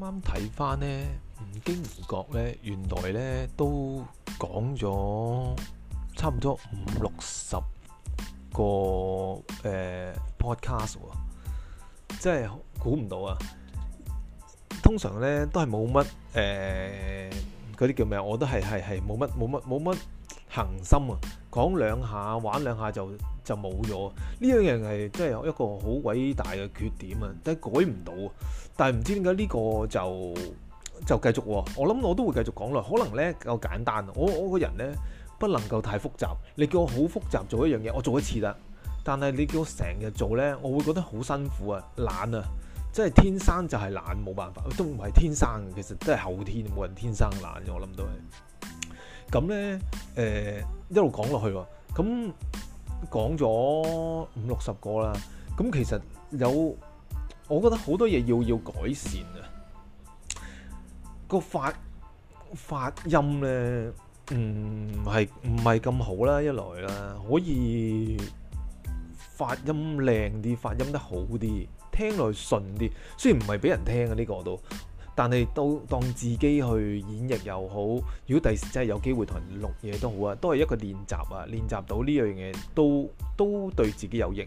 啱睇翻呢，唔經唔覺呢，原來呢都講咗差唔多五六十個誒、呃、podcast 喎，即係估唔到啊！通常呢都係冇乜誒，嗰、呃、啲叫咩啊？我都係係係冇乜冇乜冇乜。恒心啊，講兩下玩兩下就就冇咗。呢樣嘢係真係一個好偉大嘅缺點啊，但係改唔到。但係唔知點解呢個就就繼續喎啊。我諗我都會繼續講落去。可能呢夠簡單。我我個人呢，不能夠太複雜。你叫我好複雜做一樣嘢，我做一次啦。但係你叫我成日做呢，我會覺得好辛苦啊，懶啊，真係天生就係懶，冇辦法都唔係天生，其實真係後天，冇人天生懶，我諗都係。咁咧，誒一路講落去喎，咁講咗五六十個啦，咁其實有，我覺得好多嘢要要改善啊，個發發音咧，唔係唔係咁好啦，一來啦，可以發音靚啲，發音得好啲，聽落去順啲，雖然唔係俾人聽啊呢個都。但係都當自己去演繹又好，如果第時真係有機會同人錄嘢都好啊，都係一個練習啊，練習到呢樣嘢都都對自己有益。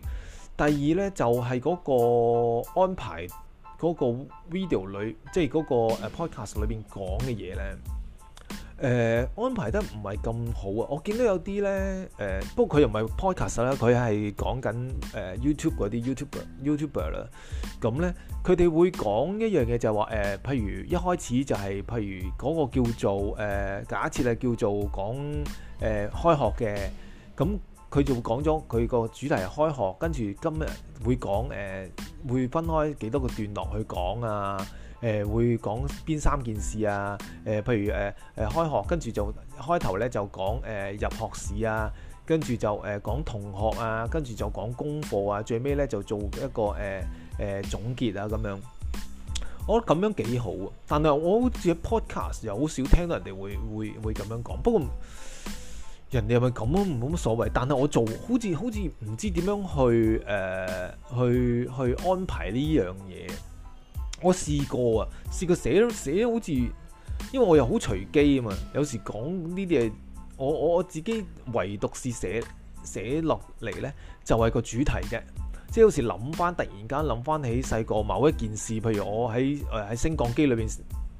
第二呢，就係嗰個安排嗰個 video 裏，即係嗰個誒 podcast 裏面講嘅嘢呢。呃、安排得唔係咁好啊！我見到有啲咧，呃、不過佢又唔係 podcast 啦，佢係講緊 YouTube 嗰啲 YouTuber、YouTuber、YouTuber 啦。咁咧，佢哋會講一樣嘢就係話譬如一開始就係、係、譬如嗰個叫做、呃、假設咧叫做講、呃、開學嘅，咁佢就會講咗佢個主題係開學，跟住今日會講、呃、會分開幾多個段落去講啊。誒、呃、會講邊三件事啊？誒、呃、譬如誒、呃呃、開學，跟住就開頭咧就講、呃、入學試啊，跟住就誒、呃、講同學啊，跟住就講功課啊，最尾咧就做一個誒誒、呃呃、總結啊咁樣。我覺得咁樣幾好啊，但係我好似喺 podcast 又好少聽到人哋會會會咁樣講。不過人哋係咪咁唔冇乜所謂？但係我做好似好似唔知點樣去、呃、去去安排呢樣嘢。我試過啊，試過寫咯，寫好似，因為我又好隨機啊嘛。有時講呢啲嘢，我我我自己唯獨是寫寫落嚟呢，就係、是、個主題嘅，即係好似諗翻，突然間諗翻起細個某一件事，譬如我喺誒喺升降機裏邊，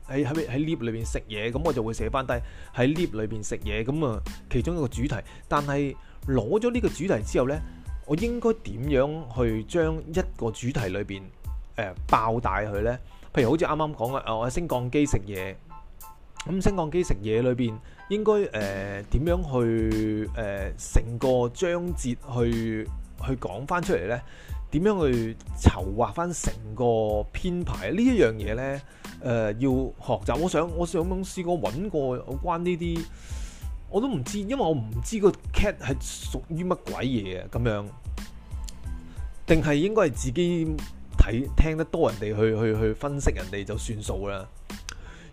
喺喺喺 lift 裏邊食嘢，咁我就會寫翻低喺 lift 裏邊食嘢咁啊，其中一個主題。但係攞咗呢個主題之後呢，我應該點樣去將一個主題裏邊？誒、呃、爆大佢呢，譬如好似啱啱講嘅，我喺升降機食嘢。咁升降機食嘢裏邊應該誒點、呃、樣去誒成、呃、個章節去去講翻出嚟呢？點樣去籌劃翻成個編排呢一樣嘢呢，誒、呃、要學習，我想我想試過揾過有關呢啲，我都唔知，因為我唔知個 cat 係屬於乜鬼嘢嘅咁樣，定係應該係自己。睇聽，聽得多人哋去去去分析人哋就算數啦。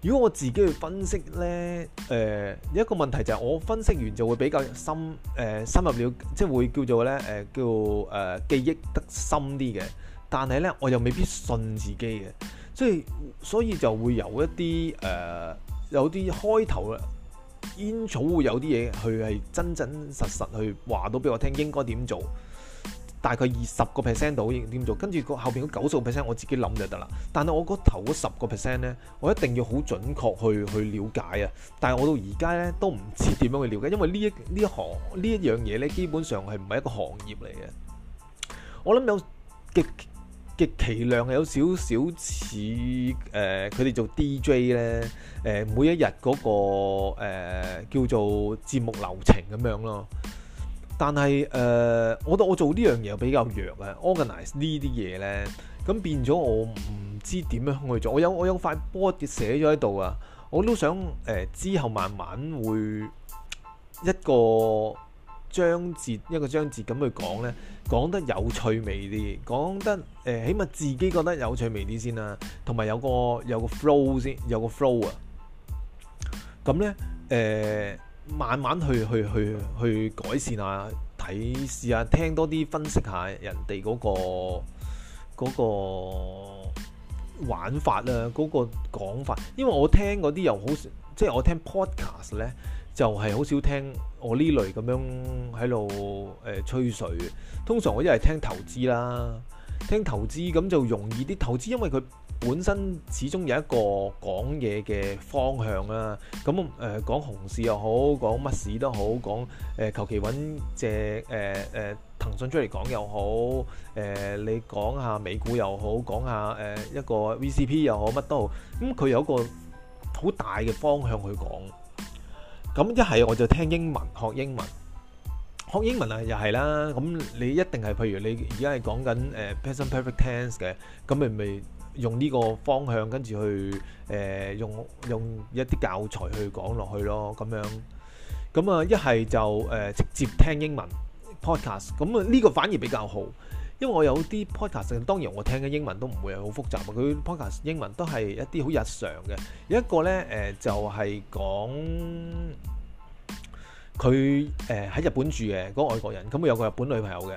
如果我自己去分析呢，誒、呃、有一個問題就係我分析完就會比較深誒、呃、深入了，即係會叫做呢誒、呃、叫誒、呃、記憶得深啲嘅。但係呢，我又未必信自己嘅，即係所以就會由一啲誒、呃、有啲開頭啊 intro 會有啲嘢佢係真真實實去話到俾我聽應該點做。大概二十個 percent 到應點做，跟住個後邊九十個 percent 我自己諗就得啦。但係我個頭十個 percent 咧，我一定要好準確去去了解啊！但係我到而家咧都唔知點樣去了解，因為呢一呢行呢一樣嘢咧，基本上係唔係一個行業嚟嘅。我諗有極極其量有少少似誒，佢、呃、哋做 DJ 咧誒、呃，每一日嗰、那個、呃、叫做節目流程咁樣咯。但係誒、呃，我我做呢樣嘢比較弱啊。organize 呢啲嘢呢，咁變咗我唔知點樣去做。我有我有塊 board 寫咗喺度啊，我都想誒、呃、之後慢慢會一個章節一個章節咁去講呢。講得有趣味啲，講得誒、呃，起碼自己覺得有趣味啲先啦、啊。同埋有個有個 flow 先，有個 flow 啊。咁呢。誒、呃。慢慢去去去去改善下，睇試下聽多啲分析下人哋嗰個嗰個玩法啊，嗰個講法。因為我聽嗰啲又好少，即係我聽 podcast 呢，就係好少聽我呢類咁樣喺度誒吹水。通常我一係聽投資啦，聽投資咁就容易啲投資，因為佢，本身始終有一個講嘢嘅方向啦。咁誒、呃、講熊市又好，講乜市、呃呃呃呃、都好，講誒求其揾隻誒誒騰訊出嚟講又好，誒你講下美股又好，講下誒一個 VCP 又好乜都好。咁佢有個好大嘅方向去講。咁一係我就聽英文，學英文，學英文，學英文啊，又係啦。咁你一定係譬如你而家係講緊誒 present perfect tense 嘅，咁咪咪。用呢個方向跟住去誒用用一啲教材去講落去咯，咁樣咁啊，一係就誒直接聽英文 podcast。咁啊呢個反而比較好，因為我有啲 podcast，當然我聽嘅英文都唔會係好複雜，佢 podcast 英文都係一啲好日常嘅。有一個呢誒就係講佢誒喺日本住嘅個外國人，咁佢有個日本女朋友嘅。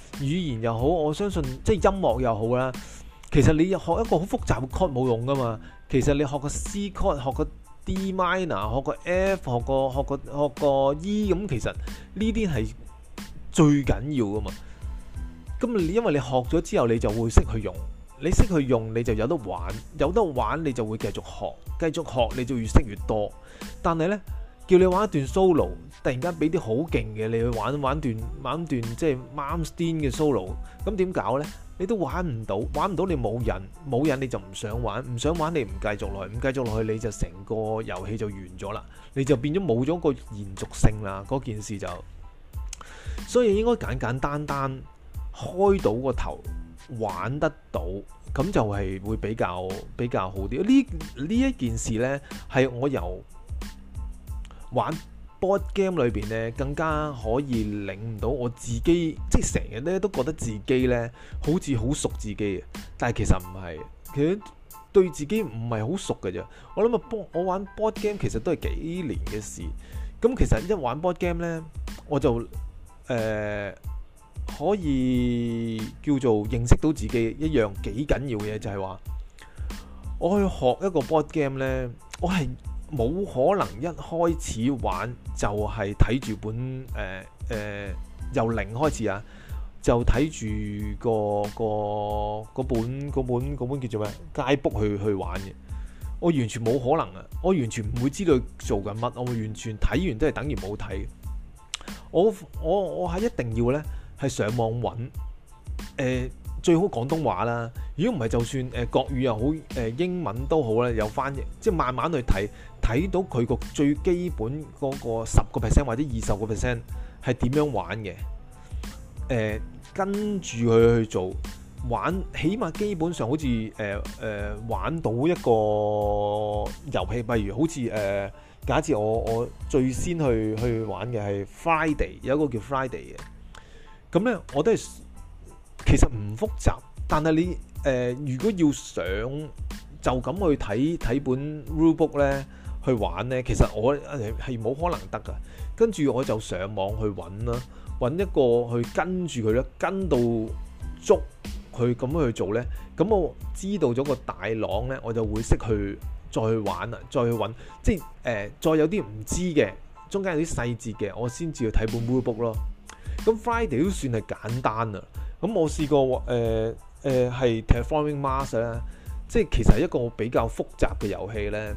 語言又好，我相信即係音樂又好啦。其實你學一個好複雜嘅 chord 冇用噶嘛。其實你學個 C chord，學個 D minor，學個 F，學個學個學個 E 咁，其實呢啲係最緊要噶嘛。咁你因為你學咗之後，你就會識去用。你識去用，你就有得玩。有得玩，你就會繼續學。繼續學，你就越識越多。但係呢。叫你玩一段 solo，突然間俾啲好勁嘅你去玩玩段玩段即係 mind 啲嘅 solo，咁點搞呢？你都玩唔到，玩唔到你冇癮，冇癮你就唔想玩，唔想玩你唔繼續來，唔繼續落去你就成個遊戲就完咗啦，你就變咗冇咗個延續性啦。嗰件事就，所以應該簡簡單單開到個頭，玩得到咁就係會比較比較好啲。呢呢一件事呢係我由。玩 board game 裏邊咧，更加可以領悟到我自己，即係成日咧都覺得自己咧好似好熟自己，但係其實唔係，其實對自己唔係好熟嘅啫。我諗啊，我玩 board game 其實都係幾年嘅事。咁其實一玩 board game 咧，我就、呃、可以叫做認識到自己一樣幾緊要嘅嘢，就係話我去學一個 board game 咧，我係。冇可能一開始玩就係睇住本誒誒、呃呃、由零開始啊，就睇住、嗰個個本嗰本本叫做咩街 book 去去玩嘅，我完全冇可能啊！我完全唔會知道做緊乜，我完全睇完都係等於冇睇。我我我係一定要呢，係上網揾誒、呃、最好廣東話啦。如果唔係，就算誒國語又好誒英文都好咧，有翻譯，即係慢慢去睇。睇到佢個最基本嗰個十個 percent 或者二十個 percent 係點樣玩嘅？誒、呃，跟住佢去做玩，起碼基本上好似誒誒玩到一個遊戲，例如好似誒、呃，假設我我最先去去玩嘅係 Friday，有一個叫 Friday 嘅。咁咧，我都係其實唔複雜，但係你誒、呃，如果要想就咁去睇睇本 rule book 咧。去玩呢，其實我係冇可能得㗎。跟住我就上網去揾啦，揾一個去跟住佢啦，跟到足佢咁樣去做呢。咁我知道咗個大綱呢，我就會識去再去玩啦，再去揾。即係、呃、再有啲唔知嘅，中間有啲細節嘅，我先至去睇本 Mood Book 咯。咁 Friday 都算係簡單啊。咁我試過誒 t 係 Terraforming Mars 咧，呃呃、Mask，即係其實係一個比較複雜嘅遊戲呢。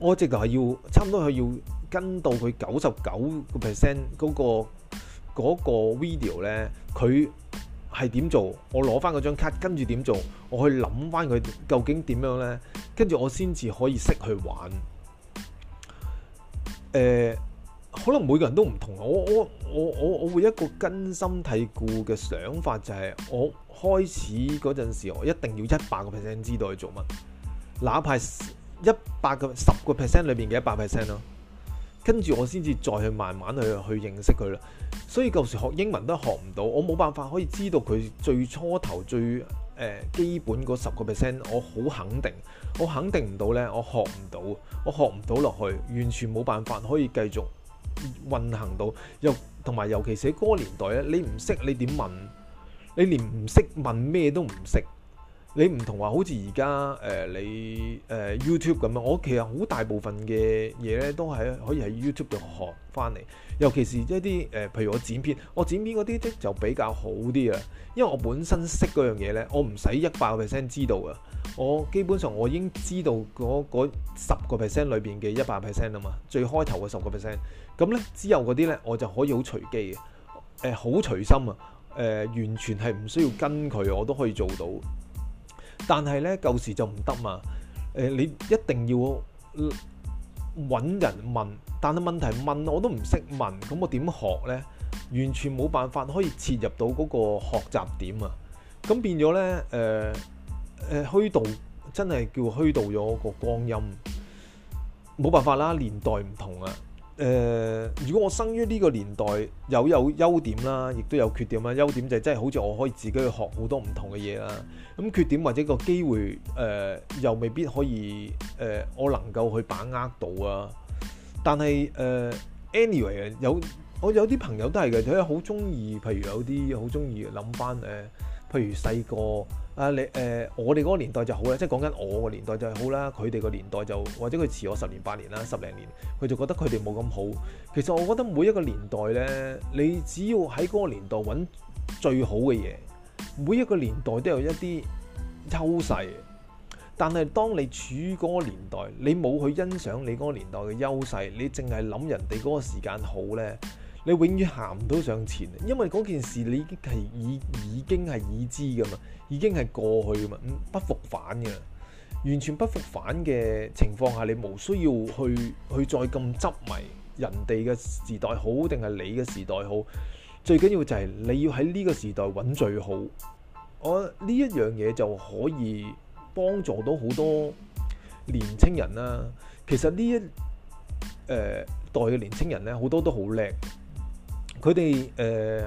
我直頭係要，差唔多係要跟到佢九十九個 percent 嗰個嗰個 video 呢。佢係點做？我攞翻嗰張卡跟住點做？我去諗翻佢究竟點樣呢？跟住我先至可以識去玩。誒、呃，可能每個人都唔同，我我我我我會一個根深蒂固嘅想法就係，我開始嗰陣時，我一定要一百個 percent 知道去做乜，哪怕，一百個十個 percent 裏邊嘅一百 percent 咯，跟住我先至再去慢慢去去認識佢啦。所以舊時學英文都學唔到，我冇辦法可以知道佢最初頭最基本嗰十個 percent，我好肯定，我肯定唔到呢。我學唔到，我學唔到落去，完全冇辦法可以繼續運行到。又同埋尤其寫歌年代咧，你唔識你點問？你連唔識問咩都唔識。你唔同話，好似而家、呃、你、呃、YouTube 咁樣，我其實好大部分嘅嘢咧都係可以喺 YouTube 度學翻嚟。尤其是一啲、呃、譬如我剪片，我剪片嗰啲咧就比較好啲啦。因為我本身識嗰樣嘢咧，我唔使一百個 percent 知道啊。我基本上我已經知道嗰十個 percent 裏邊嘅一百 percent 啊嘛，最開頭嘅十個 percent 咁咧，之後嗰啲咧我就可以好隨機嘅、呃、好隨心啊、呃、完全係唔需要跟佢，我都可以做到。但係咧，舊時就唔得嘛。誒，你一定要揾人問，但係問題是問我都唔識問，咁我點學呢？完全冇辦法可以切入到嗰個學習點啊！咁變咗呢，誒、呃、虛度，真係叫虛度咗個光陰。冇辦法啦，年代唔同啊！誒、呃，如果我生於呢個年代，有有優點啦，亦都有缺點啦。優點就係真係好似我可以自己去學好多唔同嘅嘢啦。咁缺點或者個機會誒、呃，又未必可以誒、呃，我能夠去把握到啊。但係誒、呃，anyway 有我有啲朋友都係嘅，佢好中意，譬如有啲好中意諗翻誒。譬如細個啊，你誒、呃、我哋嗰個年代就好咧，即係講緊我個年代就係好啦，佢哋個年代就或者佢遲我十年八年啦，十零年，佢就覺得佢哋冇咁好。其實我覺得每一個年代呢，你只要喺嗰個年代揾最好嘅嘢，每一個年代都有一啲優勢。但係當你處於嗰個年代，你冇去欣賞你嗰個年代嘅優勢，你淨係諗人哋嗰個時間好呢。你永遠行唔到上前，因為嗰件事你已經係已已經係已知噶嘛，已經係過去噶嘛，不復返嘅，完全不復返嘅情況下，你無需要去去再咁執迷人哋嘅時代好定係你嘅時代好，最緊要就係你要喺呢個時代揾最好。我呢一樣嘢就可以幫助到好多年青人啦，啊。其實呢一、呃、代嘅年青人呢，好多都好叻。佢哋誒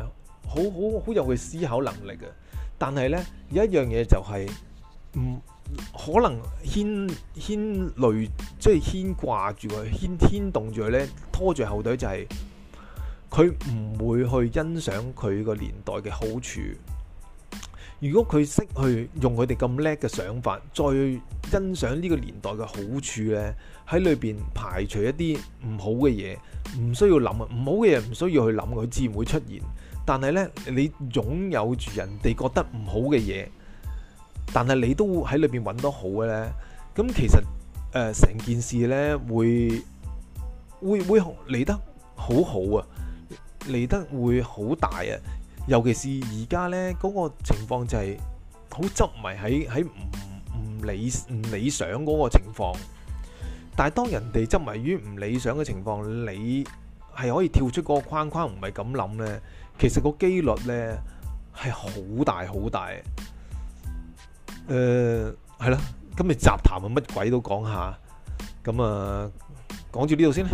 好好好有佢思考能力嘅，但係呢有一樣嘢就係、是、唔、嗯、可能牽牽累，即係牽掛住佢，牽牽動住佢咧，拖住後腿、就是，就係佢唔會去欣賞佢個年代嘅好處。如果佢識去用佢哋咁叻嘅想法，再去欣賞呢個年代嘅好處呢，喺裏邊排除一啲唔好嘅嘢，唔需要諗啊，唔好嘅嘢唔需要去諗，佢自然會出現。但係呢，你擁有住人哋覺得唔好嘅嘢，但係你都喺裏邊揾到好嘅呢。咁其實誒成件事呢，會會會嚟得好好啊，嚟得會好大啊！尤其是而家呢嗰個情況就係好執迷喺喺唔唔理唔理想嗰個情況，但係當人哋執迷於唔理想嘅情況，你係可以跳出嗰個框框，唔係咁諗呢。其實個機率呢係好大好大。誒、呃，係啦，今日雜談啊，乜鬼都講下，咁啊，講住呢度先啦。